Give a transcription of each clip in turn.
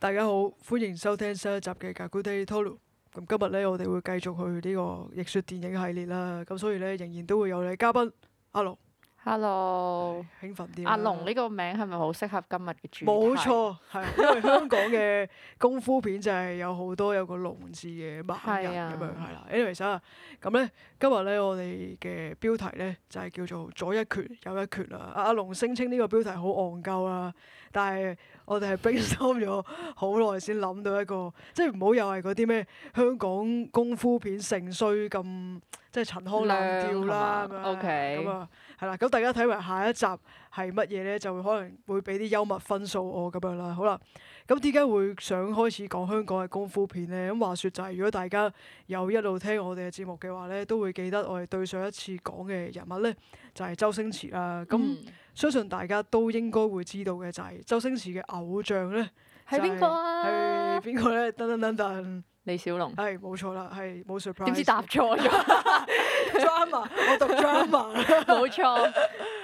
大家好，歡迎收聽新一集嘅《GPT a g Talk》。咁今日咧，我哋會繼續去呢個《逆說》電影系列啦。咁所以咧，仍然都會有你嘉賓。阿龍！Hello，興奮啲。阿龍呢個名係咪好適合今日嘅主題？冇錯，係 因為香港嘅功夫片就係有好多有個龍字嘅猛人咁樣，係、就是、啦。Anyways 啊，咁咧今日咧我哋嘅標題咧就係叫做左一拳右一拳啦。阿阿龍聲稱呢個標題好戇鳩啦，但係我哋係冰心咗好耐先諗到一個， 即係唔好又係嗰啲咩香港功夫片盛衰咁，即、就、係、是、陳腔濫調啦。O K、嗯。咁啊。係啦，咁大家睇埋下一集係乜嘢咧，就會可能會俾啲幽默分數，我咁樣啦。好啦，咁點解會想開始講香港嘅功夫片咧？咁話說就係，如果大家有一路聽我哋嘅節目嘅話咧，都會記得我哋對上一次講嘅人物咧，就係周星馳啦。咁、嗯、相信大家都應該會知道嘅就係周星馳嘅偶像咧，係邊個啊？係邊個咧？等等等等。丹丹丹丹李小龍，係冇錯啦，係冇 surprise。點知答錯咗？Drama，我讀 drama。冇錯，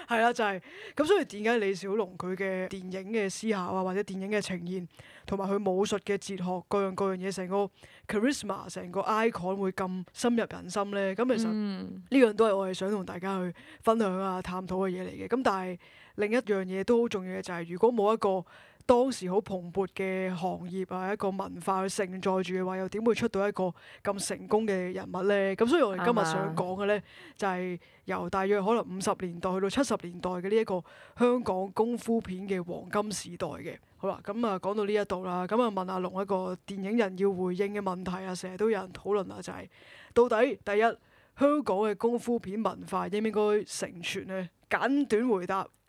係啦就係。咁所以點解李小龍佢嘅電影嘅思考啊，或者電影嘅呈現，同埋佢武術嘅哲學，各樣各樣嘢，成個 charisma，成個 icon 會咁深入人心咧？咁其實呢樣都係我哋想同大家去分享啊、探討嘅嘢嚟嘅。咁但係另一樣嘢都好重要嘅就係，如果冇一個。當時好蓬勃嘅行業啊，一個文化去承載住嘅話，又點會出到一個咁成功嘅人物呢？咁所以我哋今日想講嘅呢，就係、是、由大約可能五十年代去到七十年代嘅呢一個香港功夫片嘅黃金時代嘅。好啦，咁、嗯、啊講到呢一度啦，咁、嗯、啊問，問阿龍一個電影人要回應嘅問題啊，成日都有人討論啊，就係、是、到底第一香港嘅功夫片文化應唔應該承傳呢？簡短回答。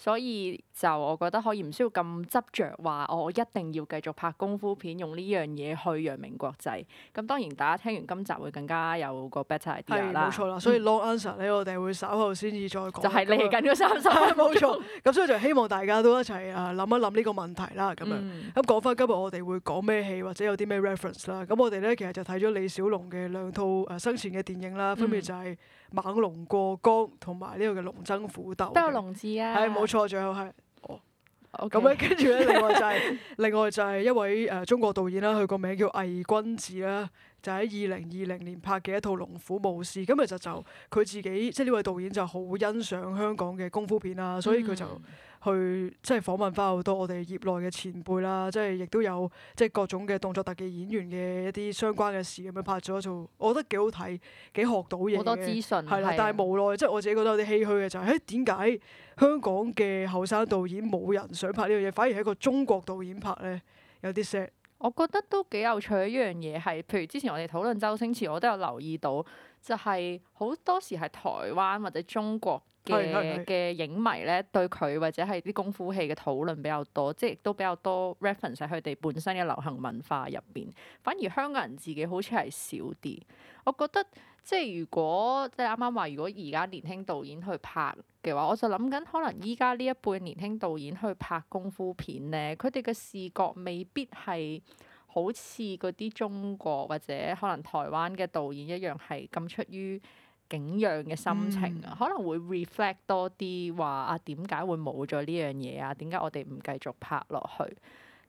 所以就我覺得可以唔需要咁執着話我一定要繼續拍功夫片，用呢樣嘢去揚名國際，咁當然大家聽完今集會更加有個 better idea 啦。冇錯啦，嗯、所以 long answer 咧，嗯，我哋會稍後先至再講，就係嚟緊嗰三集，冇錯，咁所以就希望大家都一齊啊諗一諗呢個問題啦，咁樣，咁講翻今日我哋會講咩戲或者有啲咩 reference 啦。咁我哋咧其實就睇咗李小龍嘅兩套誒生前嘅電影啦，分別就係，是。猛龍過江同埋呢個嘅龍爭虎鬥，都有龍字啊，係冇錯，最後係哦，咁樣跟住咧，另外就係、是、 另外就係一位誒、呃、中國導演啦，佢個名叫魏君子啦，就喺二零二零年拍嘅一套《龍虎武師》，咁其實就佢自己即係呢位導演就好欣賞香港嘅功夫片啦，所以佢就。嗯去即係訪問翻好多我哋業內嘅前輩啦，即係亦都有即係各種嘅動作特技演員嘅一啲相關嘅事咁樣拍咗做，我覺得幾好睇，幾學到嘢好多資訊，係啦，但係無奈即係我自己覺得有啲唏噓嘅就係誒，點解香港嘅後生導演冇人想拍呢樣嘢，反而係一個中國導演拍咧，有啲 sad。我覺得都幾有趣嘅一樣嘢係，譬如之前我哋討論周星馳我都有留意到，就係好多時係台灣或者中國。嘅影迷咧，對佢或者係啲功夫戲嘅討論比較多，即亦都比較多 reference 喺佢哋本身嘅流行文化入邊。反而香港人自己好似係少啲。我覺得即係如果即係啱啱話，如果而家年輕導演去拍嘅話，我就諗緊可能依家呢一輩年輕導演去拍功夫片咧，佢哋嘅視覺未必係好似嗰啲中國或者可能台灣嘅導演一樣係咁出於景仰嘅心情啊，嗯、可能會 reflect 多啲話啊，點解會冇咗呢樣嘢啊？點解我哋唔繼續拍落去？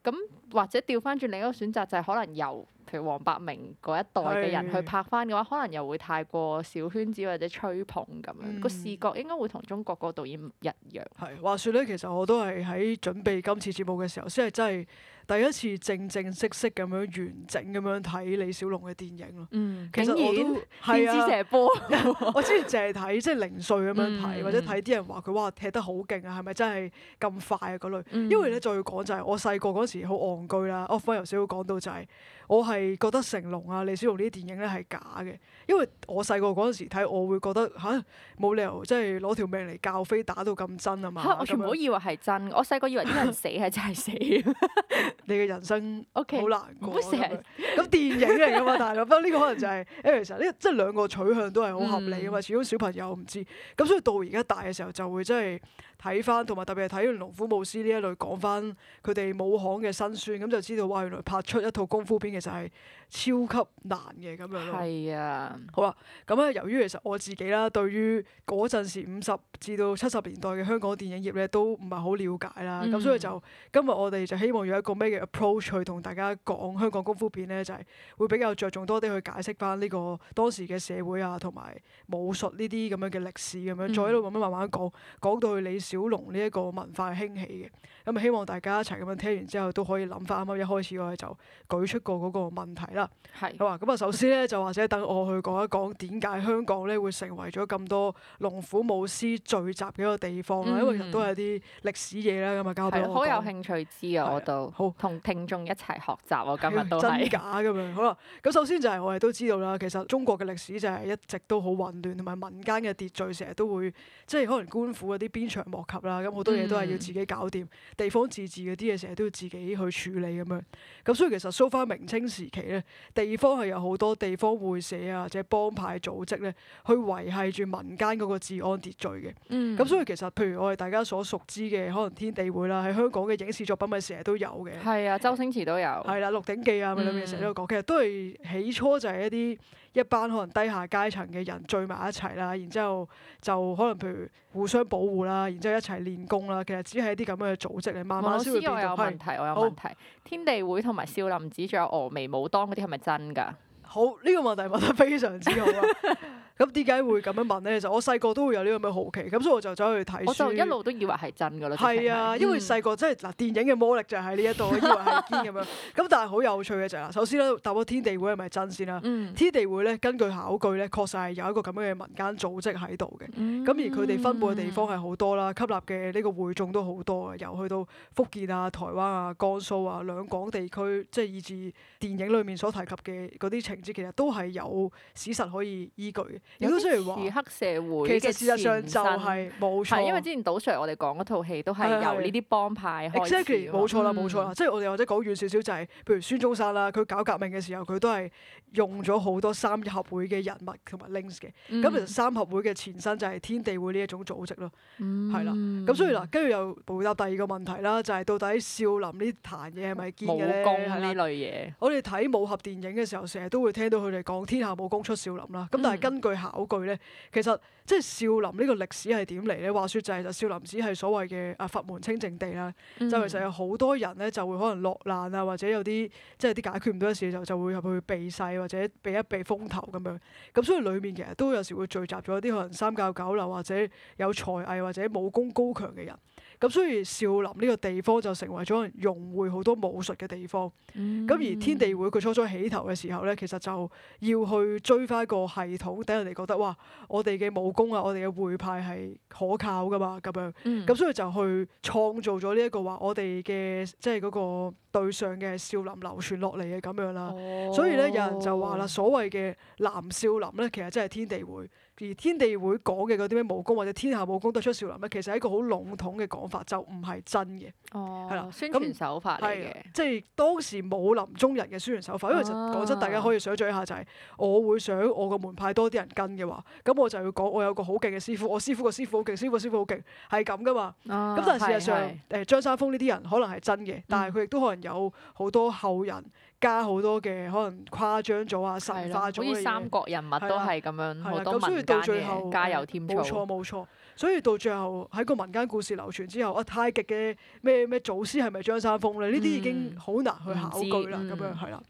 咁或者調翻轉另一個選擇就係可能由譬如黃百鳴嗰一代嘅人去拍翻嘅話，是可能又會太過小圈子或者吹捧咁、嗯、樣，個視覺應該會同中國個導演一樣。係話説咧，其實我都係喺準備今次節目嘅時候，先係真係。第一次正正式式咁樣完整咁樣睇李小龍嘅電影咯，嗯、其實然我都電磁射波 我知，我之前淨係睇即係零碎咁樣睇，嗯、或者睇啲人話佢哇踢得好勁啊，係咪真係咁快啊？嗰類，嗯、因為咧再要講就係我細個嗰時好戇居啦，我翻由少少講到就係、是。我係覺得成龍啊、李小龍呢啲電影咧係假嘅，因為我細個嗰陣時睇，我會覺得嚇冇理由，即係攞條命嚟教飛打到咁真啊嘛！哈樣我全部以為係真，我細個以為啲人死係 真係死。 你嘅人生好難過。咁電影嚟噶嘛？但係唔分呢個可能就係、是，因為其實呢即係兩個取向都係好合理啊嘛。始終小朋友唔知，咁所以到而家大嘅時候就會真係。睇翻同埋特別係睇完《龍虎武師》呢一類講翻佢哋武行嘅辛酸，咁就知道哇，原來拍出一套功夫片其實係超級難嘅咁樣咯。係啊，好啦，咁咧由於其實我自己啦，對於嗰陣時五十至到七十年代嘅香港電影業咧，都唔係好了解啦。咁、嗯、所以就今日我哋就希望用一個咩嘅 approach 去同大家講香港功夫片咧，就係、是、會比較着重多啲去解釋翻呢個當時嘅社會啊，同埋武術呢啲咁樣嘅歷史咁樣，再喺度慢慢慢慢講講到去你小龍呢一個文化興起嘅，咁啊希望大家一齊咁樣聽完之後都可以諗翻啱啱一開始我哋就舉出過嗰個問題啦。係的，好啊，咁啊，首先咧就或者等我去講一講點解香港咧會成為咗咁多龍虎武師聚集嘅一個地方啦，嗯、因為其實都係啲歷史嘢啦，咁啊，交俾我好有興趣知啊，我都好同聽眾一齊學習啊，今日都係真假咁樣。好啊，咁首先就係我哋都知道啦，其實中國嘅歷史就係一直都好混亂，同埋民間嘅秩序成日都會即係可能官府嗰啲邊長及啦，咁好多嘢都係要自己搞掂，嗯、地方自治嗰啲嘢成日都要自己去處理咁樣，咁所以其實溯返明清時期咧，地方係有好多地方會社啊，或者幫派組織咧，去維繫住民間嗰個治安秩序嘅。咁、嗯、所以其實，譬如我哋大家所熟知嘅，可能天地會啦，喺香港嘅影視作品咪成日都有嘅。係啊，周星馳都有。係啦，《鹿鼎記》啊、嗯，咪裏面成日都講，其實都係起初就係一啲。一班可能低下階層嘅人聚埋一齊啦，然之後就可能譬如互相保護啦，然之後一齊練功啦，其實只係一啲咁嘅組織，你慢慢先會變我，我有問題，我有問題。好天地會同埋少林寺，仲有峨眉武當嗰啲係咪真㗎？好，呢個問題問得非常之好啊！ 咁點解會咁樣問咧？就是、我細個都會有呢個咁嘅好奇，咁所以我就走去睇書，我一路都以為係真噶啦。係啊，嗯、因為細個即係嗱，電影嘅魔力就喺呢一度，以為係堅咁樣。咁 但係好有趣嘅就係、是、啦，首先咧，大伯天地會係咪真先啦？嗯、天地會咧，根據考據咧，確實係有一個咁樣嘅民間組織喺度嘅。咁、嗯、而佢哋分佈嘅地方係好多啦，吸納嘅呢個會眾都好多嘅，由去到福建啊、台灣啊、江蘇啊、兩廣地區，即係以至電影裏面所提及嘅嗰啲情節，其實都係有史實可以依據嘅。亦都雖然話黑社會，其實事實上就係、是、冇身錯，因為之前賭 Sir 我哋講嗰套戲都係由呢啲幫派開始，對對對，冇錯啦，冇、嗯、錯啦。即係、嗯、我哋或者講遠少少就係、是，譬如孫中山啦，佢搞革命嘅時候，佢都係用咗好多三合會嘅人物同埋 links 嘅。咁、嗯、其實三合會嘅前身就係天地會呢一種組織咯，係啦、嗯。咁所以嗱，跟住又回答第二個問題啦，就係、是、到底少林呢壇嘢係咪堅嘅武功呢類嘢？我哋睇武俠電影嘅時候，成日都會聽到佢哋講天下武功出少林啦。咁但係根據考據咧，其實即係少林呢個歷史係點嚟咧？話說就係，就少林寺係所謂嘅啊佛門清淨地啦，嗯、就其實有好多人咧就會可能落難啊，或者有啲即係啲解決唔到嘅事嘅就，就會入去避世或者避一避風頭咁樣。咁所以裏面其實都有時會聚集咗啲可能三教九流或者有才藝或者武功高強嘅人。咁所以少林呢個地方就成為咗融匯好多武術嘅地方。咁、嗯、而天地會佢初初起頭嘅時候咧，其實就要去追翻一個系統，等人哋覺得哇，我哋嘅武功啊，我哋嘅會派係可靠噶嘛，咁樣。咁、嗯、所以就去創造咗呢一個話，我哋嘅即係嗰個對上嘅少林流傳落嚟嘅咁樣啦。哦、所以咧，有人就話啦，哦、所謂嘅南少林咧，其實真係天地會。而天地會講嘅嗰啲咩武功或者天下武功都出少林咩，其實係一個好籠統嘅講法，就唔係真嘅。哦，係啦，宣傳手法嚟嘅，即係當時武林中人嘅宣傳手法。因為其實講真、啊、大家可以想象一下，就係、是、我會想我個門派多啲人跟嘅話，咁我就要講我有個好勁嘅師傅，我師傅個師傅好勁，師傅師傅好勁，係咁噶嘛。哦、啊，咁但係事實上，誒的、呃、張三豐呢啲人可能係真嘅，但係佢亦都可能有好多後人。嗯。加好多嘅可能誇張咗，啊神化咗嘅嘢，好似三國人物都係咁樣，好多民間嘅，加油添醋。冇錯冇錯，所以到最後喺個民間故事流傳之後，啊太極嘅咩咩祖師係咪張三豐咧？呢啲已經好難去考據啦。嗯，咁樣係啦。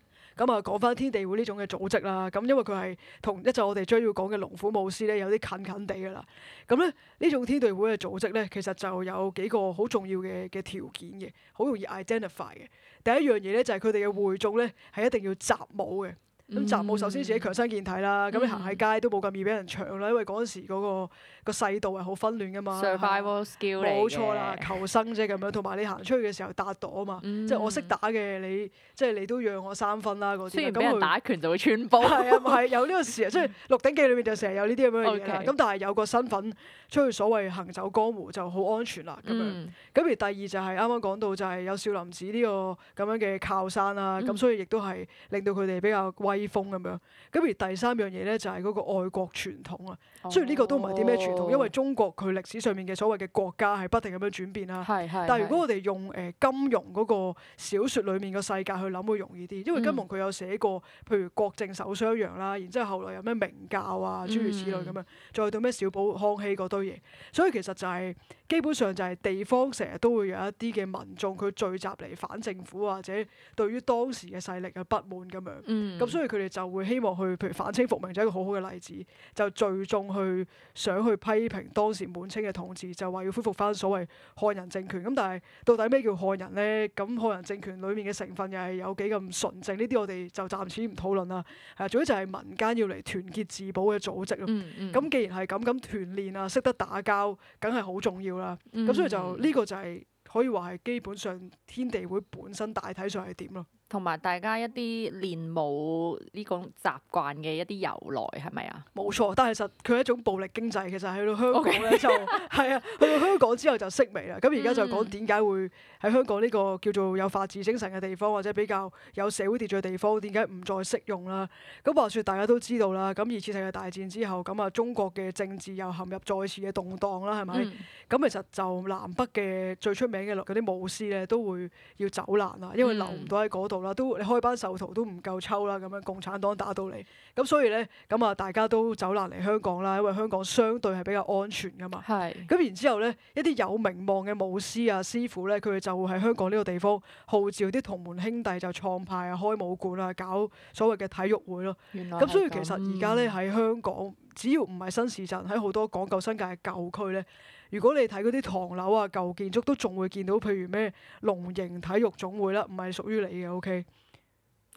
咁啊，講返天地會呢種嘅組織啦。咁因為佢係同一陣我哋將要講嘅龍虎武師咧，有啲近近地噶啦。咁咧，呢種天地會嘅組織咧，其實就有幾個好重要嘅嘅條件嘅，好容易 identify 嘅。第一樣嘢咧，就係佢哋嘅會眾咧，係一定要習武嘅。咁習武首先自己強身健體啦，咁你行喺街都冇咁易俾人搶啦，因為嗰陣時嗰個世道係好紛亂噶嘛。Survival skill 嚟嘅，冇錯啦，求生啫咁樣。同埋你行出去嘅時候搭墮啊嘛，即係我識打嘅，你即係你都讓我三分啦嗰啲。雖然俾人打拳就會穿煲，係有呢個事。即係《鹿鼎記》裏面就成日有呢啲咁樣嘅嘢啦。咁但係有個身份出去所謂行走江湖就好安全啦咁樣。咁而第二就係啱啱講到就係有少林寺呢個咁樣嘅靠山啦，咁所以亦都係令到佢哋比較威啲風咁樣，咁而第三樣嘢咧就係嗰個愛國傳統啊。所以呢個都唔係啲咩傳統，哦、因為中國佢歷史上面嘅所謂嘅國家係不停咁樣轉變啦。是、是、是，但係如果我哋用誒金庸嗰個小說裏面嘅世界去諗，會容易啲，因為金庸佢有寫過，譬如郭靖守襄陽啦，然之後後來有咩明教啊、諸如此類咁樣，再到咩小寶康熙嗰堆嘢。所以其實就係、是、基本上就係地方成日都會有一啲嘅民眾佢聚集嚟反政府，或者對於當時嘅勢力嘅不滿咁樣，咁所以佢哋就會希望去，譬如反清復明就係一個好好嘅例子，就最終。去想去批評當時滿清嘅統治，就話要恢復翻所謂漢人政權。咁但係到底咩叫漢人呢？咁漢人政權裡面嘅成分又係有幾咁純正？呢啲我哋就暫時唔討論啦。係、啊，總之就係民間要嚟團結自保嘅組織咯。咁、嗯嗯、既然係咁，咁團練啊，識得打交，梗係好重要啦。咁所以就呢、呢個就係、是、可以話係基本上天地會本身大體上係點咯。同埋大家一啲練武呢個習慣嘅一啲由來係咪啊？冇錯，但係其實佢係一種暴力經濟，其實去到香港咧 Okay. 就係啊，去到香港之後就式微啦。咁而家就講點解會喺香港呢個叫做有法治精神嘅地方，或者比較有社會秩序嘅地方，點解唔再適用啦？咁話說大家都知道啦，咁二次世界大戰之後，咁啊中國嘅政治又陷入再次嘅動盪啦，係咪？咁、嗯、其實就南北嘅最出名嘅嗰啲武師咧，都會要走難啦，因為留唔到喺嗰度。嗯啦，都你開班授徒都唔夠抽啦，咁樣共產黨打到你。咁所以呢，咁啊大家都走難嚟香港啦，因為香港相對係比較安全噶嘛。咁是然之後呢，一啲有名望嘅武師啊、師傅呢，佢哋就會喺香港呢個地方號召啲同門兄弟，就創派啊、開武館啊、搞所謂嘅體育會咯。原來。咁所以其實而家呢，喺香港，只要唔係新市鎮，喺好多講究新界嘅舊區呢。如果你睇嗰啲唐樓啊、舊建築都仲會見到，譬如咩龍形體育總會啦，唔係屬於你嘅，OK。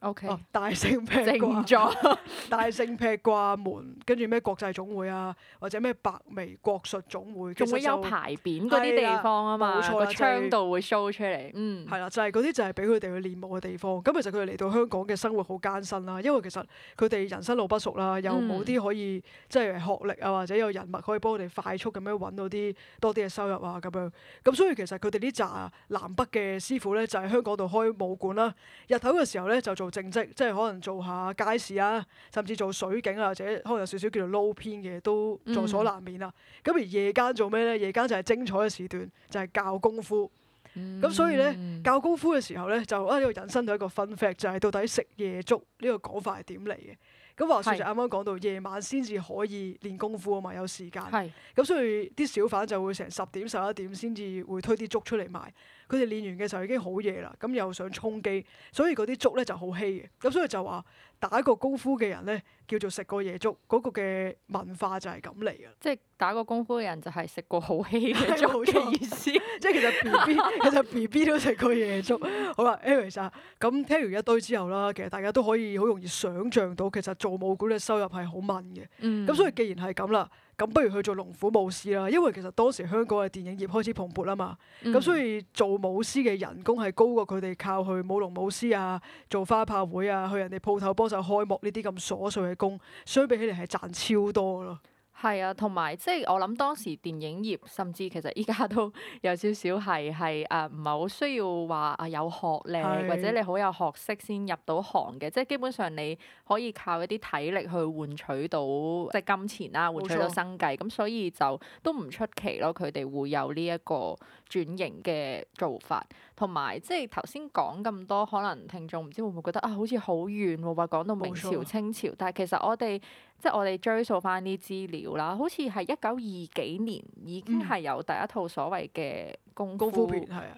O.K. 大聖劈掛，大聖劈掛門，跟住咩國際總會啊，或者咩白眉國術總會，仲會有牌匾嗰啲地方啊嘛，冇了錯個窗度會 show 出嚟。就是、嗯，係啦，就係嗰啲就係俾佢哋去練武嘅地方。咁其實佢哋嚟到香港嘅生活好艱辛啦，因為其實佢哋人生路不熟啦，又冇啲可以即係、就是、學歷啊，或者有人物可以幫佢哋快速咁樣揾到啲多啲嘅收入啊咁樣。咁所以其實佢哋呢扎南北嘅師傅咧，就喺、是、香港度開武館啦。日頭嘅時候咧，就做。正職即係可能做下街市啊，甚至做水景啊，或者可能有少少叫做撈偏嘅，都在所難免啦。咁、嗯、而夜間做咩呢？夜間就係精彩嘅時段，就係、是、教功夫。咁、嗯、所以呢，教功夫嘅時候呢，就啊呢、這個引申到一個 fun fact，就係到底食夜粥呢個講法係點嚟嘅？咁話說就啱啱講到是夜晚先至可以練功夫啊嘛，有時間。咁是所以啲小販就會成十點十一點先至會推啲粥出嚟賣。佢哋練完嘅時候已經好夜啦，咁又想充飢，所以嗰啲粥咧就好稀嘅。咁所以就話打過功夫嘅人咧，叫做食過夜粥嗰、嗰個嘅文化就係咁嚟嘅。即係打過功夫嘅人就係食過好稀嘅粥嘅意思。即係其實 B B 其實 B B 都食過夜粥。 好啦，Anyway，咁聽完一堆之後啦，其實大家都可以好容易想像到，其實做武館嘅收入係好問嘅。咁、嗯、所以既然係咁啦。咁不如去做龍虎武師啦，因為其實當時香港嘅電影業開始蓬勃啊嘛，咁、嗯、所以做武師嘅人工係高過佢哋靠去舞龍舞獅啊、做花炮會啊、去人哋鋪頭幫手開幕呢啲咁瑣碎嘅工，相比起嚟係賺超多咯。係啊，同埋即係我諗當時電影業，甚至其實依家都有少少係係誒，唔係好需要話啊有學歷，是或者你好有學識先入到行嘅。即係基本上你可以靠一啲體力去換取到即係金錢啦，換取到生計。咁錯所以就都唔出奇咯，佢哋會有呢、這、一個。轉型嘅做法，同埋即係頭先講咁多，可能聽眾唔知會唔會覺得啊，好似好遠喎，話講到明朝清朝，冇錯但係其實我哋即係我哋追溯翻啲資料啦，好似係一九二幾年已經係有第一套所謂嘅功夫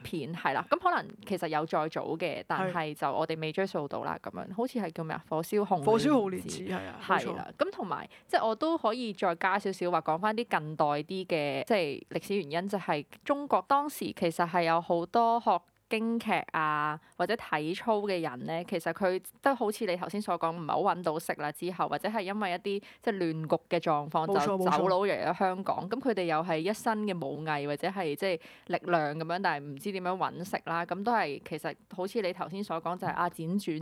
片係啦，咁、嗯嗯啊啊、可能其實有再早嘅，但係就我哋未追溯到啦，咁樣好似係叫咩啊？火燒紅火燒紅蓮寺係啊，係啦、啊，咁同埋即係我都可以再加少少話講翻啲近代啲嘅，即、就、係、是、歷史原因就係中國當。當時其實係有好多學。京劇啊，或者體操嘅人咧，其實佢都好似你頭先所講，唔係好揾到食啦。之後或者係因為一啲即係亂局嘅狀況，冇錯，就走佬嚟咗香港。咁佢哋又係一身嘅武藝或者係即係力量咁樣，但係唔知點樣揾食啦。咁都係其實好似你頭先所講，就係啊，輾轉就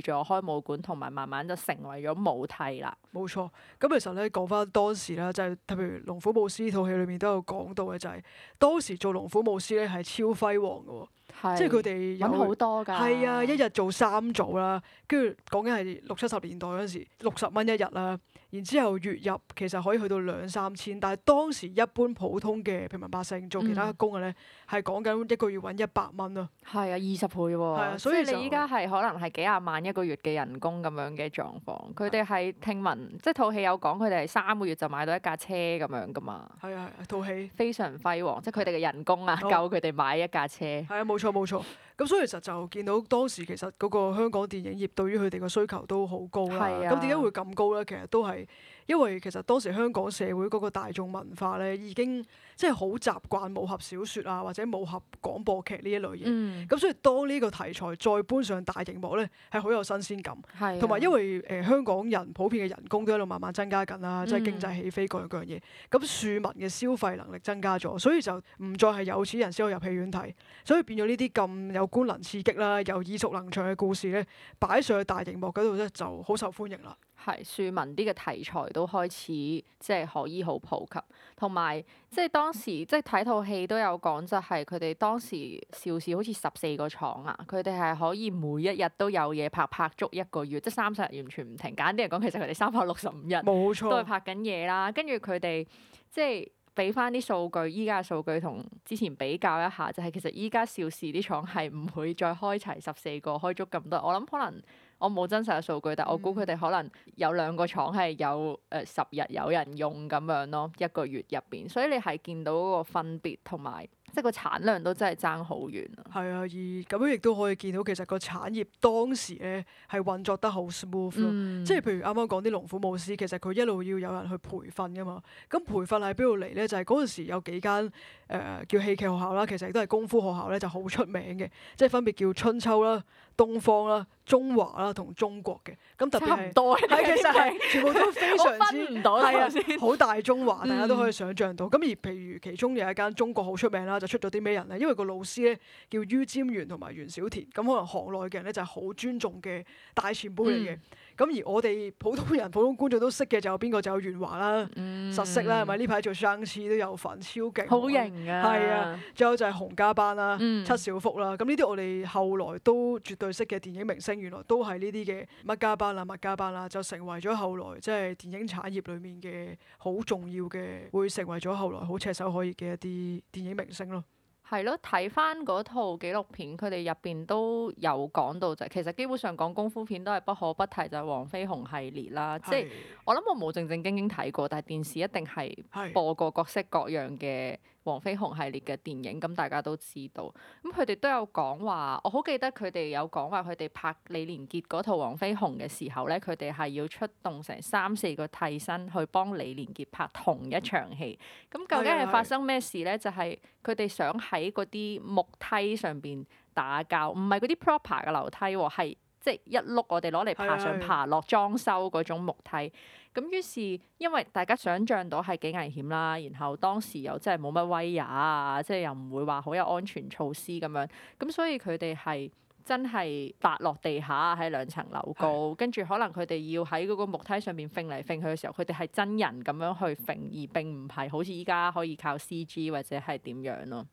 去咗開武館，同埋慢慢就成為咗武替啦。冇錯。咁其實咧講翻當時啦，就係特別《龍虎武師》套戲裏面都有講到嘅，就係、係、當時做龍虎武師咧係超輝煌嘅。係，即係佢哋揾好多㗎，係啊，一日做三組啦，跟住講緊係六七十年代嗰陣時，六十蚊一日啦。然之後月入其實可以去到兩三千，但係當時一般普通嘅平民百姓做其他工嘅咧，係講緊一個月揾一百蚊咯。係、嗯、啊，二十倍喎、啊，啊、所以即係你依家係可能係幾廿萬一個月嘅人工咁樣嘅狀況。佢哋係聽聞，嗯、即套戲有講佢哋係三個月就買到一架車咁樣㗎嘛。係啊係，套戲、啊、非常輝煌，即係佢哋嘅人工啊，夠佢哋買一架車。係、哦、啊，冇錯。冇錯，咁所以其實就見到當時其實嗰個香港電影業對於佢哋嘅需求都好高啦、啊。咁點解會咁高呢？其實都係。因為其實當時香港社會嗰個大眾文化咧，已經即係好習慣武俠小說啊，或者武俠廣播劇呢一類型。咁、嗯、所以當呢個題材再搬上大熒幕咧，係好有新鮮感。同埋是、啊、因為誒、呃、香港人普遍嘅人工都喺度慢慢增加緊啦，即係經濟起飛各樣各樣嘢。咁庶、嗯、民嘅消費能力增加咗，所以就唔再係有錢人先可以入戲院睇，所以變咗呢啲咁有觀能刺激啦、又耳熟能詳嘅故事咧，擺上去大熒幕嗰度咧，就好受歡迎啦。係，庶民啲嘅題材都開始即係可以好普及，同埋即係當時即係睇套戲都有講，就係佢哋當時邵氏好似十四個廠啊，佢哋係可以每一日都有嘢拍，拍足一個月，即係三十日完全唔停。簡單啲嚟講，其實佢哋三百六十五日冇錯，都係拍緊嘢啦。跟住佢哋即係俾翻啲數據，依家嘅數據同之前比較一下，就係其實依家邵氏啲廠係唔會再開齊十四個，開足咁多。我諗可能。我冇真實嘅數據，但我估佢哋可能有兩個廠係有誒十、呃、日有人用咁樣咯，一個月入邊，所以你係見到個分別同埋，即係個產量都真係爭好遠啊！係啊，而咁樣亦都可以見到，其實個產業當時咧係運作得好 smooth，、嗯、即係譬如啱啱講啲龍虎武師，其實佢一路要有人去培訓噶嘛，咁培訓喺邊度嚟咧？就係嗰陣時有幾間。誒、呃、叫戲劇學校啦，其實亦都係功夫學校咧，就好出名嘅，即係分別叫春秋啦、東方啦、中華啦同中國嘅。咁特別係，係其實係 全部都非常之唔係啊， 好像 大中華，大家都可以想像到。咁、嗯、而譬如其中有一間中國好出名啦，就出咗啲咩人咧？因為個老師咧叫于占元同埋袁小田，咁可能行內嘅人咧就係、是、好尊重嘅大前輩嚟嘅。嗯咁而我哋普通人、普通觀眾都識嘅就有邊個？就有元華啦，嗯、實識啦，係咪？呢排做雙師都有份，超勁，好型啊！係啊，之後就係洪家班啦、嗯、七小福啦。咁呢啲我哋後來都絕對識嘅電影明星，原來都係呢啲嘅乜家班啦、乜家班啦，就成為咗後來即係、就是、電影產業裏面嘅好重要嘅，會成為咗後來好炙手可熱嘅一啲電影明星咯。係咯，睇翻嗰套紀錄片，佢哋入邊都有講到就係，其實基本上講功夫片都係不可不提就係、是、黃飛鴻系列啦。即係的、就是、我諗我冇正正經經睇過，但係電視一定係播過各式各樣嘅。黃飛鴻系列嘅電影，咁大家都知道。咁佢哋都有講話，我好記得佢哋有講話，佢哋拍李連杰嗰套黃飛鴻嘅時候咧，佢哋係要出動成三四個替身去幫李連杰拍同一場戲。咁究竟係發生咩事咧？就係佢哋想喺嗰啲木梯上邊打交，唔係嗰啲 proper 嘅樓梯喎，係。即係一碌，我哋攞嚟爬上爬落裝修嗰種木梯。咁於是因為大家想象到係幾危險啦，然後當時又真係冇乜威也啊，即係又唔會話好有安全措施咁樣，咁所以佢哋係真係滑落地下喺兩層樓高，跟住的可能佢哋要喺嗰個木梯上面，揈嚟揈去嘅時候，佢哋係真人咁樣去揈，而並唔係好似依家可以靠 CG 或者係點樣咯。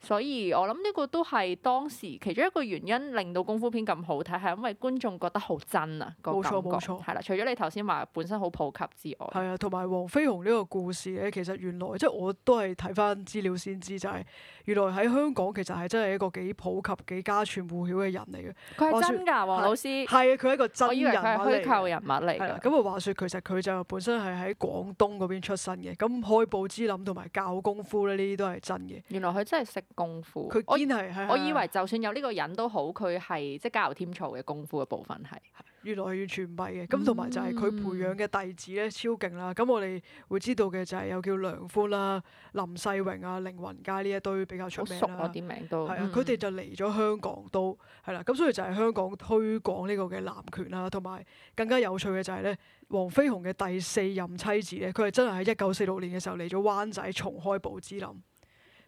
所以我諗呢個都係當時其中一個原因，令到功夫片咁好睇，係因為觀眾覺得好真啊個感覺。冇錯，冇錯。係啦，除咗你頭先話本身好普及之外，係啊，同埋黃飛鴻呢個故事咧，其實原來即係我都係睇翻資料先知，就係、是、原來喺香港其實係真係一個幾普及、幾家傳戶曉嘅人嚟嘅。佢係真㗎，黃說老師。係啊，佢係一個真人。我以為佢係虛構人物嚟。嘅。咁啊，話說其實佢就本身係喺廣東嗰邊出身嘅。咁開寶芝林同埋教功夫咧，呢啲都係真嘅。原來佢真係識。功夫，佢堅係，我以為就算有呢個人都好，佢係即係加油添醋嘅功夫嘅部分係，原來係完全唔係嘅。咁同埋就係佢培養嘅弟子咧，超勁啦。咁我哋會知道嘅就係有叫梁寬啦、林世榮啊、凌雲階呢一堆比較出名啦。好熟啊啲名都，係啊，佢哋就嚟咗香港都係啦。咁所以就係香港推廣呢個嘅南拳啦，同埋更加有趣嘅就係咧，黃飛鴻嘅第四任妻子咧，佢係真係喺一九四六年嘅時候嚟咗灣仔重開寶芝林。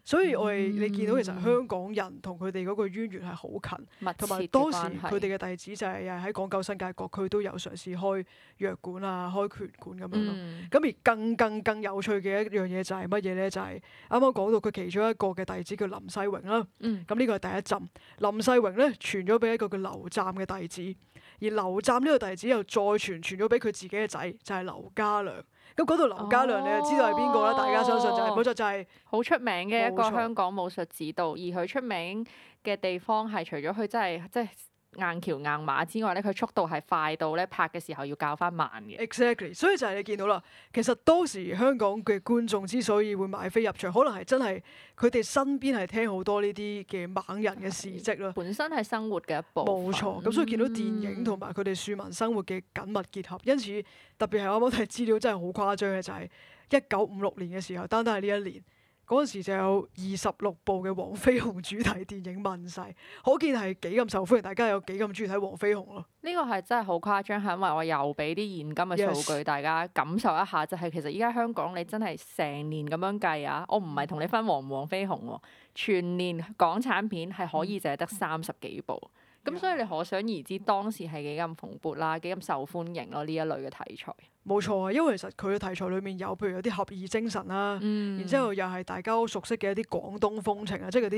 所以我哋、嗯、你見到其實香港人同佢哋嗰個淵源係好近，同埋當時佢哋嘅弟子就係喺港九新界各區都有嘗試開藥館啊、開拳館咁樣咯。咁、嗯、而更更更有趣嘅一樣嘢就係乜嘢咧？就係啱啱講到佢其中一個嘅弟子叫林世榮啦。咁呢、嗯、個係第一浸，林世榮咧傳咗俾一個叫劉湛嘅弟子。而劉湛呢個弟子又再傳傳咗俾佢自己嘅仔，就係、是、劉家良。咁嗰度劉家良、哦、你又知道係邊個啦？哦、大家相信就係、是、冇錯，就係好出名嘅一個香港武術指導。而佢出名嘅地方係除咗佢真係即係。硬橋硬馬之外咧，佢速度係快到咧拍嘅時候要較返慢嘅。Exactly，所以就係你見到啦，其實當時香港嘅觀眾之所以會買飛入場，可能係真係佢哋身邊係聽好多呢啲嘅猛人嘅事蹟囉。本身係生活嘅一部。冇錯，咁所以見到電影同埋佢哋庶民生活嘅緊密結合，嗯、因此特別係我冇睇資料真係好誇張嘅，就係一九五六年嘅時候，單單係呢一年，嗰陣時就有二十六部嘅黃飛鴻主題電影問世，可見係幾咁受歡迎，大家有幾咁鍾意睇黃飛鴻咯？呢個係真係好誇張係，因為我又俾啲現金嘅數據大家感受一下，就係其實依家香港你真係成年咁樣計啊，我唔係同你分黃唔黃飛鴻喎，全年港產片係可以淨係得三十幾部。咁所以你可想而知當時係幾咁蓬勃啦、啊，幾咁受歡迎咯、啊、呢一類嘅題材。冇錯啊，因為其實佢嘅題材裡面有，譬如有啲俠義精神啦、啊，嗯、然之後又係大家好熟悉嘅一啲廣東風情啊，即係嗰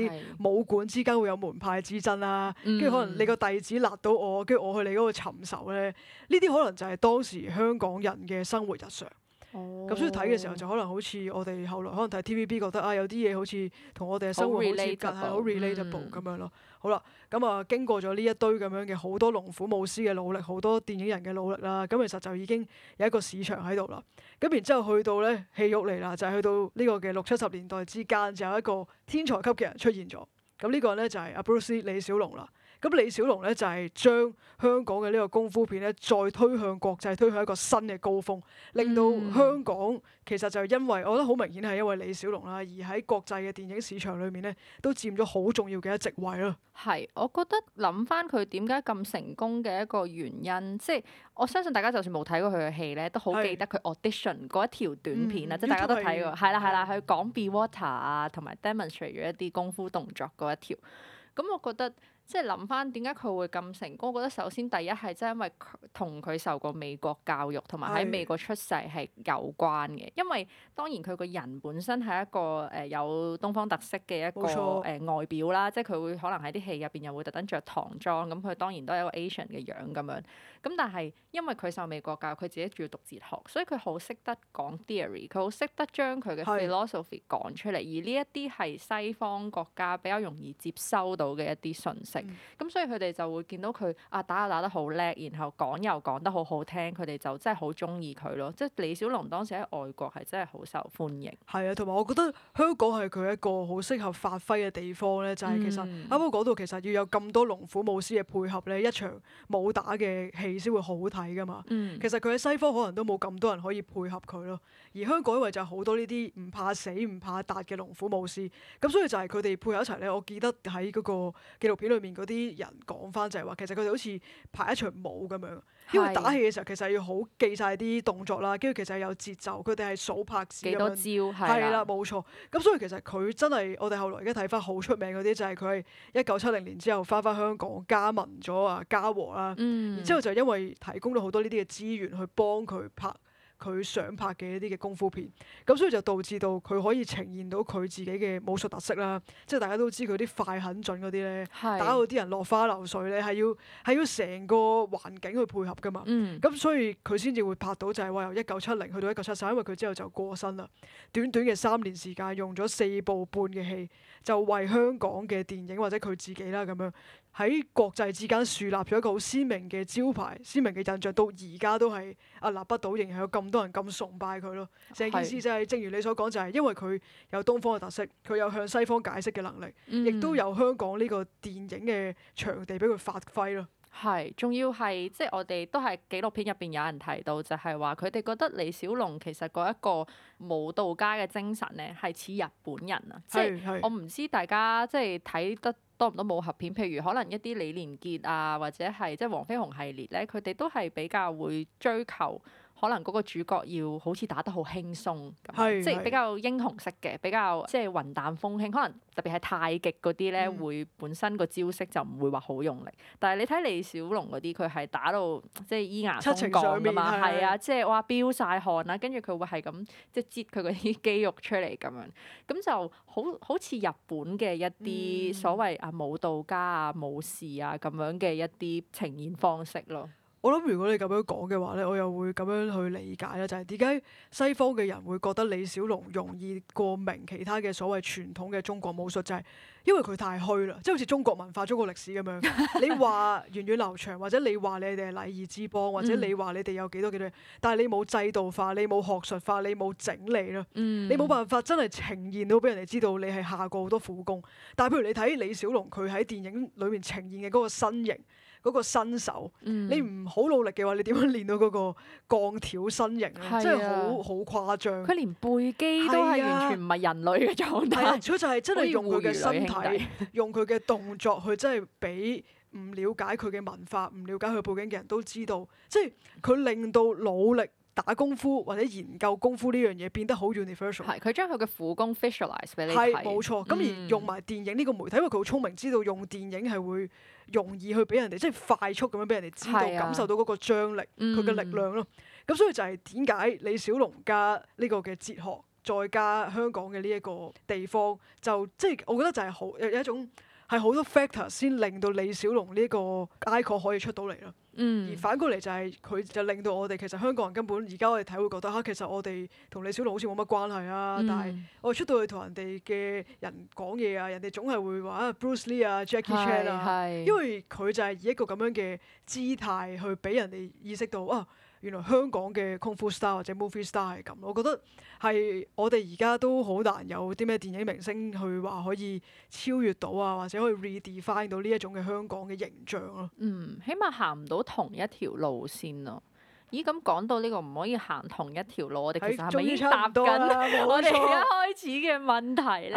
啲武館之間會有門派之爭啦、啊，跟住、嗯、可能你個弟子辣到我，跟住我去你嗰度尋仇咧，呢啲可能就係當時香港人嘅生活日常。咁、哦、所以睇嘅時候就可能好似我哋後來可能睇 TVB 覺得啊，有啲嘢好似同我哋嘅生活好接近係好 relatable 咁樣咯。嗯好啦，咁、嗯、啊，經過咗呢一堆咁樣嘅好多龍虎武師嘅努力，好多電影人嘅努力啦，咁、嗯、其實就已經有一個市場喺度啦。咁、嗯、然之後去到咧戲肉嚟啦，就係、是、去到呢個嘅六七十年代之間，就有一個天才級嘅人出現咗。咁、嗯這個、呢個人咧就係、是、阿 Bruce 李小龍啦。咁李小龍咧就係、是、將香港嘅呢個功夫片咧再推向國際，推向一個新嘅高峰，令到香港其實就係因為我覺得好明顯係因為李小龍啦，而喺國際嘅電影市場裏面咧都佔咗好重要嘅一席位咯。係，我覺得諗翻佢點解咁成功嘅一個原因，即、就、係、是、我相信大家就算冇睇過佢嘅戲咧，都好記得佢 audition 嗰一條短片啊，嗯、即係大家都睇過，係啦係啦，佢講 be water 啊，同埋 demonstrate 咗一啲功夫動作嗰一條，咁我覺得。即係諗翻點解佢會咁成功？我覺得首先第一係真係因為同佢受過美國教育同埋喺美國出世係有關嘅。因為當然佢個人本身係一個誒有東方特色嘅一個誒外表啦，冇錯。即係佢會可能喺啲戲入邊又會特登着唐裝，咁佢當然都係一個 Asian 嘅樣咁樣。咁但係因為佢受美國教，佢自己仲要讀哲學，所以佢好識得講 theory，佢好識得將佢嘅 philosophy 講是出嚟。而呢一啲係西方國家比較容易接收到嘅一啲信息，咁、嗯、所以佢哋就會見到佢啊打啊打得好叻，然後講又講得好好聽，佢哋就真係好中意佢咯。即、就、係、是、李小龍當時喺外國係真係好受歡迎。係啊，同埋我覺得香港係佢一個好適合發揮嘅地方咧，就係、是、其實啱啱講到其實要有咁多龍虎武師嘅配合咧，一場武打嘅戲。意思會好睇噶嘛？嗯、其實佢喺西方可能都冇咁多人可以配合佢咯，而香港位就係好多呢啲唔怕死、唔怕達嘅龍虎武師，咁所以就係佢哋配合一齊咧。我記得喺嗰個紀錄片裏面嗰啲人講翻，就係話其實佢哋好似排一場舞咁樣。因為打戲嘅時候其實要好記晒啲動作啦，跟住其實有節奏，佢哋係數拍子咁樣。幾多招？係啦，冇錯。咁所以其實佢真係我哋後來而家睇翻好出名嗰啲，就係佢係一九七零年之後翻返香港，加盟咗啊，加和啦。嗯。之後就因為提供咗好多呢啲嘅資源去幫佢拍。佢想拍嘅一啲嘅功夫片，咁所以就導致到佢可以呈現到佢自己嘅武術特色啦。即係大家都知佢啲快狠、狠是、準嗰啲咧，打到啲人落花流水咧，係要係要成個環境去配合噶嘛。咁、嗯、所以佢先至會拍到就係話由一九七零去到一九七三，因為佢之後就過身啦。短短嘅三年時間，用咗四部半嘅戲，就為香港嘅電影或者佢自己啦咁樣。喺國際之間樹立咗一個好鮮明嘅招牌，鮮明嘅印象，到而家都係屹立不倒，仍然有咁多人咁崇拜佢咯。成件事就係正如你所講，就係因為佢有東方嘅特色，佢有向西方解釋嘅能力，亦都有香港呢個電影嘅場地俾佢發揮咯。係，仲要係即係我哋都係紀錄片入邊有人提到，就係話佢哋覺得李小龍其實嗰一個武道家嘅精神咧，係似日本人啊。即係我唔知大家即係睇得。多唔多武俠片？譬如可能一啲李連杰啊，或者係即係黃飛鴻系列咧，佢哋都係比較會追求。可能嗰個主角要好似打得好輕鬆，係，即係比較英雄式嘅，比較即係雲淡風輕。可能特別係太極嗰啲咧，嗯、會本身個招式就唔會話好用力。但係你睇李小龍嗰啲，佢係打到即係咿牙風幹㗎嘛，係啊，啊，即係哇飆晒汗啦，跟住佢會係咁即係擠佢嗰啲肌肉出嚟咁樣，咁就好好似日本嘅一啲所謂啊武道家啊武士啊咁樣嘅一啲呈現方式咯。我諗如果你咁樣講嘅話咧，我又會咁樣去理解咧，就係點解西方嘅人會覺得李小龍容易過明其他嘅所謂傳統嘅中國武術，就係、是、因為佢太虛啦，即係好似中國文化、中國歷史咁樣。 你話源遠流長，或者你話你哋係禮儀之邦，或者你話你哋有幾多幾多少，但係你冇制度化，你冇學術化，你冇整理啦，嗯、你冇辦法真係呈現到俾人哋知道你係下過好多苦功。但係譬如你睇李小龍佢喺電影裏面呈現嘅嗰個身形。嗰個身手，嗯、你唔好努力嘅話，你點樣練到嗰個鋼條身形？咧、啊？真係好好誇張。佢連背肌都係、啊、完全唔係人類嘅狀態。佢、啊、就係、係、真係用佢嘅身體，用佢嘅動作去真係俾唔了解佢嘅文化、唔了解佢背景嘅人都知道，即係佢令到努力。打功夫或者研究功夫呢樣嘢，變得好 universal。係，佢將佢嘅苦功 facialize 俾你，題。冇錯。咁、嗯、而用埋電影呢個媒體，因為佢好聰明，知道用電影係會容易去俾人哋，即、就、係、是、快速咁樣俾人哋知道、啊、感受到嗰個張力、佢嘅力量咯。咁、嗯、所以就係點解李小龍加呢個嘅哲學再加香港嘅呢一個地方，就即係、就是、我覺得就係好有一種係好多 factor 先令到李小龍呢個 icon 可以出到嚟咯。嗯、而反過嚟就係佢就令到我哋其實香港人根本而家我哋睇會覺得吓、啊，其實我哋同李小龍好似冇乜關係啊！嗯、但係我出到去同人哋嘅人講嘢啊，人哋總係會話啊，Bruce Lee 啊，Jackie Chan 啊，因為佢就係以一個咁樣嘅姿態去俾人哋意識到哇。啊原來香港嘅功夫 star 或者 movie star 係咁，我覺得係我哋而家都好難有啲咩電影明星去話可以超越到啊，或者可以 redefine 到呢一種嘅香港嘅形象咯。嗯，起碼行唔到同一條路線咯。咦，咁講到呢、這個唔可以行同一條路，我哋其實係咪、欸、已經答到。我哋而家開始嘅問題咧？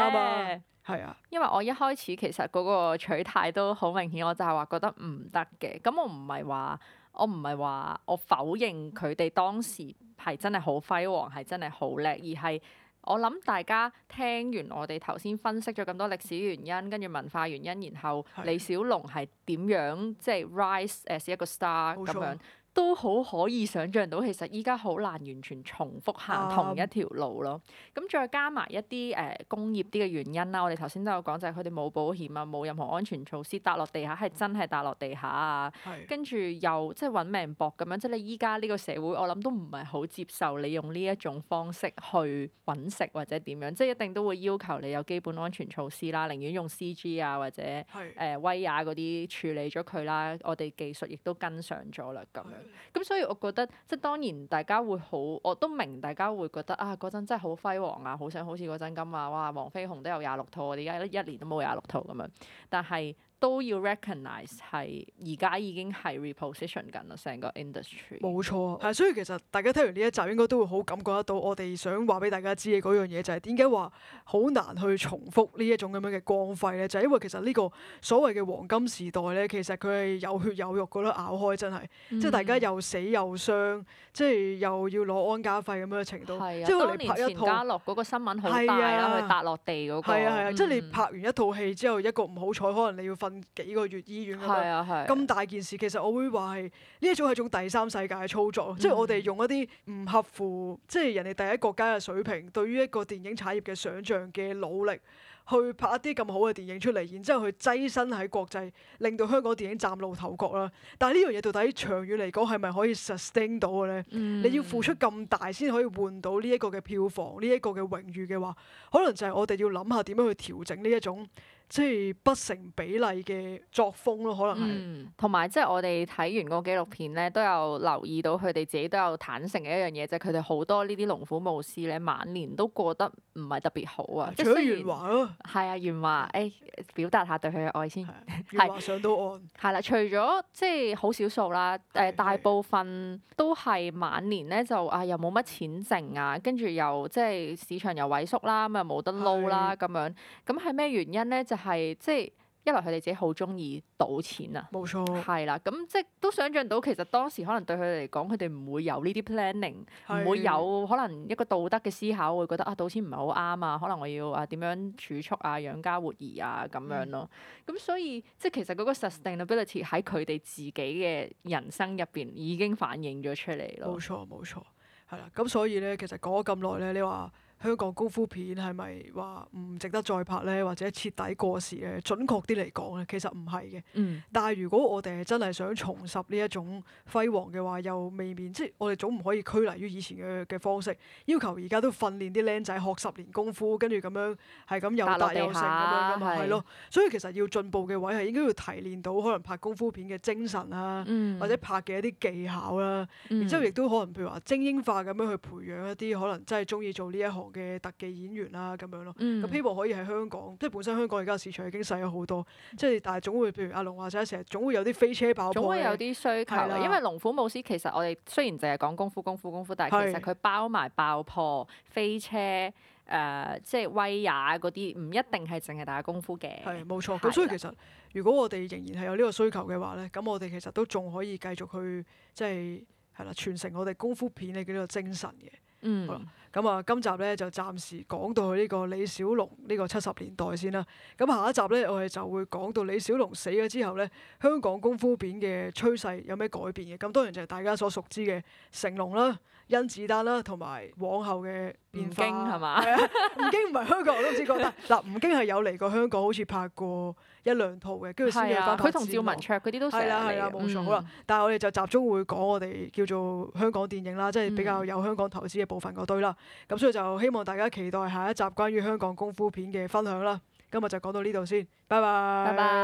係錯 啊，因為我一開始其實嗰個取態都好明顯，我就係話覺得唔得嘅。咁我唔係話。我唔係話我否認佢哋當時係真係好輝煌，係真係好叻，而係我諗大家聽完我哋頭先分析咗咁多歷史原因，跟住文化原因，然後李小龍係點樣即係、就是、rise as 一個 star 咁的樣。都好可以想像到，其實依家好難完全重複行同一條路咯。咁、啊、再加埋一啲誒、呃、工業啲嘅原因啦，我哋頭先都有講，就係佢哋冇保險啊，冇任何安全措施，踏落地下係真係踏落地下啊。嗯、跟住又即係揾命搏咁樣，即係你依家呢個社會，我諗都唔係好接受你用呢一種方式去揾食或者點樣，即係一定都會要求你有基本安全措施啦，寧願用 C G 啊或者誒是、呃、威亞嗰啲處理咗佢啦。我哋技術亦都跟上咗啦，咁樣。咁、嗯、所以我覺得，即當然大家會好，我都明大家會覺得啊，嗰陣真係好輝煌啊，好想好似嗰陣咁啊，哇，黃飛鴻都有廿六套，我哋而家一年都冇廿六套咁樣，但係，都要 recognize 係而家已經係 reposition 緊啦，成個 industry。冇錯，係所以其實大家聽完呢一集應該都會好感覺得到，我哋想話俾大家知嘅樣嘢就係點解話好難去重複呢一種咁樣嘅光輝咧？就係、是、因為其實呢個所謂嘅黃金時代咧，其實佢係有血有肉嗰粒咬開真係，嗯、即係大家又死又傷，即係又要攞安家費咁樣程度。啊、即係我嚟拍一《一套家樂嗰個新聞好大啦，佢跌落地嗰、嗰個。係啊係啊，即係你拍完一套戲之後一個唔好彩，可能你要幾個月醫院咁樣，咁、啊啊、大件事，其實我會話係呢一種係種第三世界嘅操作，即係、嗯、我哋用一啲唔合乎，即、就、係、是、人哋第一國家嘅水平，對於一個電影產業嘅想象嘅努力，去拍一啲咁好嘅電影出嚟，然之後去躋身喺國際，令到香港電影嶄露頭角啦。但係呢樣嘢到底長遠嚟講係咪可以 sustain 到嘅咧？你要付出咁大先可以換到呢一個嘅票房，呢、這、一個嘅榮譽嘅話，可能就係我哋要諗下點樣去調整呢一種。即係不成比例嘅作風咯，可能係嗯，同埋即係我哋睇完個紀錄片咧，都有留意到佢哋自己都有坦誠嘅一樣嘢，就係佢哋好多呢啲龍虎武師咧，晚年都過得唔係特別好啊。除咗元華咯。係、就、啊、是，元華，誒表達下對佢嘅愛先。元華上到岸。係啦，除咗即係好少數啦，誒大部分都係晚年咧就啊，又冇乜錢剩啊，跟住又即係市場又萎縮啦，咁啊冇得撈啦，咁樣咁係咩原因咧？就是係即係因為佢哋自己好中意賭錢啊，冇錯，係啦，咁即係都想像到其實當時可能對佢哋嚟講，佢哋唔會有呢啲 planning，唔是會有可能一個道德嘅思考會覺得啊賭錢唔係好啱啊，可能我要啊點樣儲蓄啊養家活兒啊咁樣咯，咁、嗯、所以即係其實嗰個 sustainability 喺佢哋自己嘅人生入邊已經反映咗出嚟咯，冇錯冇錯，係啦，咁所以咧其實講咗咁耐咧，你話。香港功夫片係咪話唔值得再拍咧，或者徹底過時咧？準確啲嚟講咧，其實唔係嘅。嗯。但係如果我哋係真係想重拾呢一種輝煌嘅話，又未免即係我哋總唔可以拘泥於以前嘅嘅方式，要求而家都訓練啲僆仔學十年功夫，跟住咁樣，係咁有大有成咁樣咁嘛。係咯。是所以其實要進步嘅位係應該要提煉到可能拍功夫片嘅精神啊，嗯。或者拍嘅一啲技巧啦、啊。然之後亦都可能譬如話精英化咁樣去培養一啲可能真係中意做呢一行。嘅特技演員啦、啊，咁樣咯。咁、嗯、people 可以喺香港，即係本身香港而家市場已經細咗好多。即係但係總會，譬如阿龍話齋，成日總會有啲飛車爆破，總會有啲需求。的因為龍虎武師其實我哋雖然淨係講功夫、功夫、功夫，但係其實佢包埋爆破、飛車、誒、呃，即係威亞嗰啲，唔一定係淨係打功夫嘅。係冇錯。咁的所以其實如果我哋仍然係有呢個需求嘅話咧，咁我哋其實都仲可以繼續去即係係啦，傳承我哋功夫片嘅呢個精神嘅。嗯，好。咁啊，今集咧就暫時講到去呢個李小龍呢個七十年代先啦。咁下一集咧，我哋就會講到李小龍死咗之後咧，香港功夫片嘅趨勢有咩改變嘅。咁當然就係大家所熟知嘅成龍啦、甄子丹啦，同埋往後嘅。吳京係嘛？係啊，吳京唔係香港我都唔知。覺得嗱，吳京係有嚟過香港，好似拍過一兩套嘅，發發啊、跟住佢同趙文卓嗰啲都係啦，係啦，冇錯，好啦、嗯。但係我哋就集中會講我哋叫做香港電影啦，即係比較有香港投資嘅部分嗰堆啦。咁、嗯、所以就希望大家期待下一集關於香港功夫片嘅分享啦。今日就講到呢度先，拜拜。拜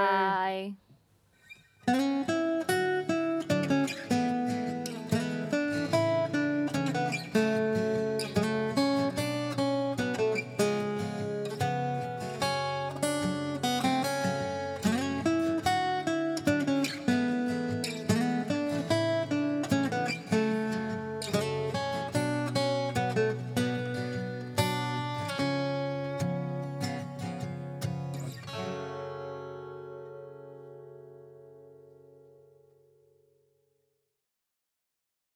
拜。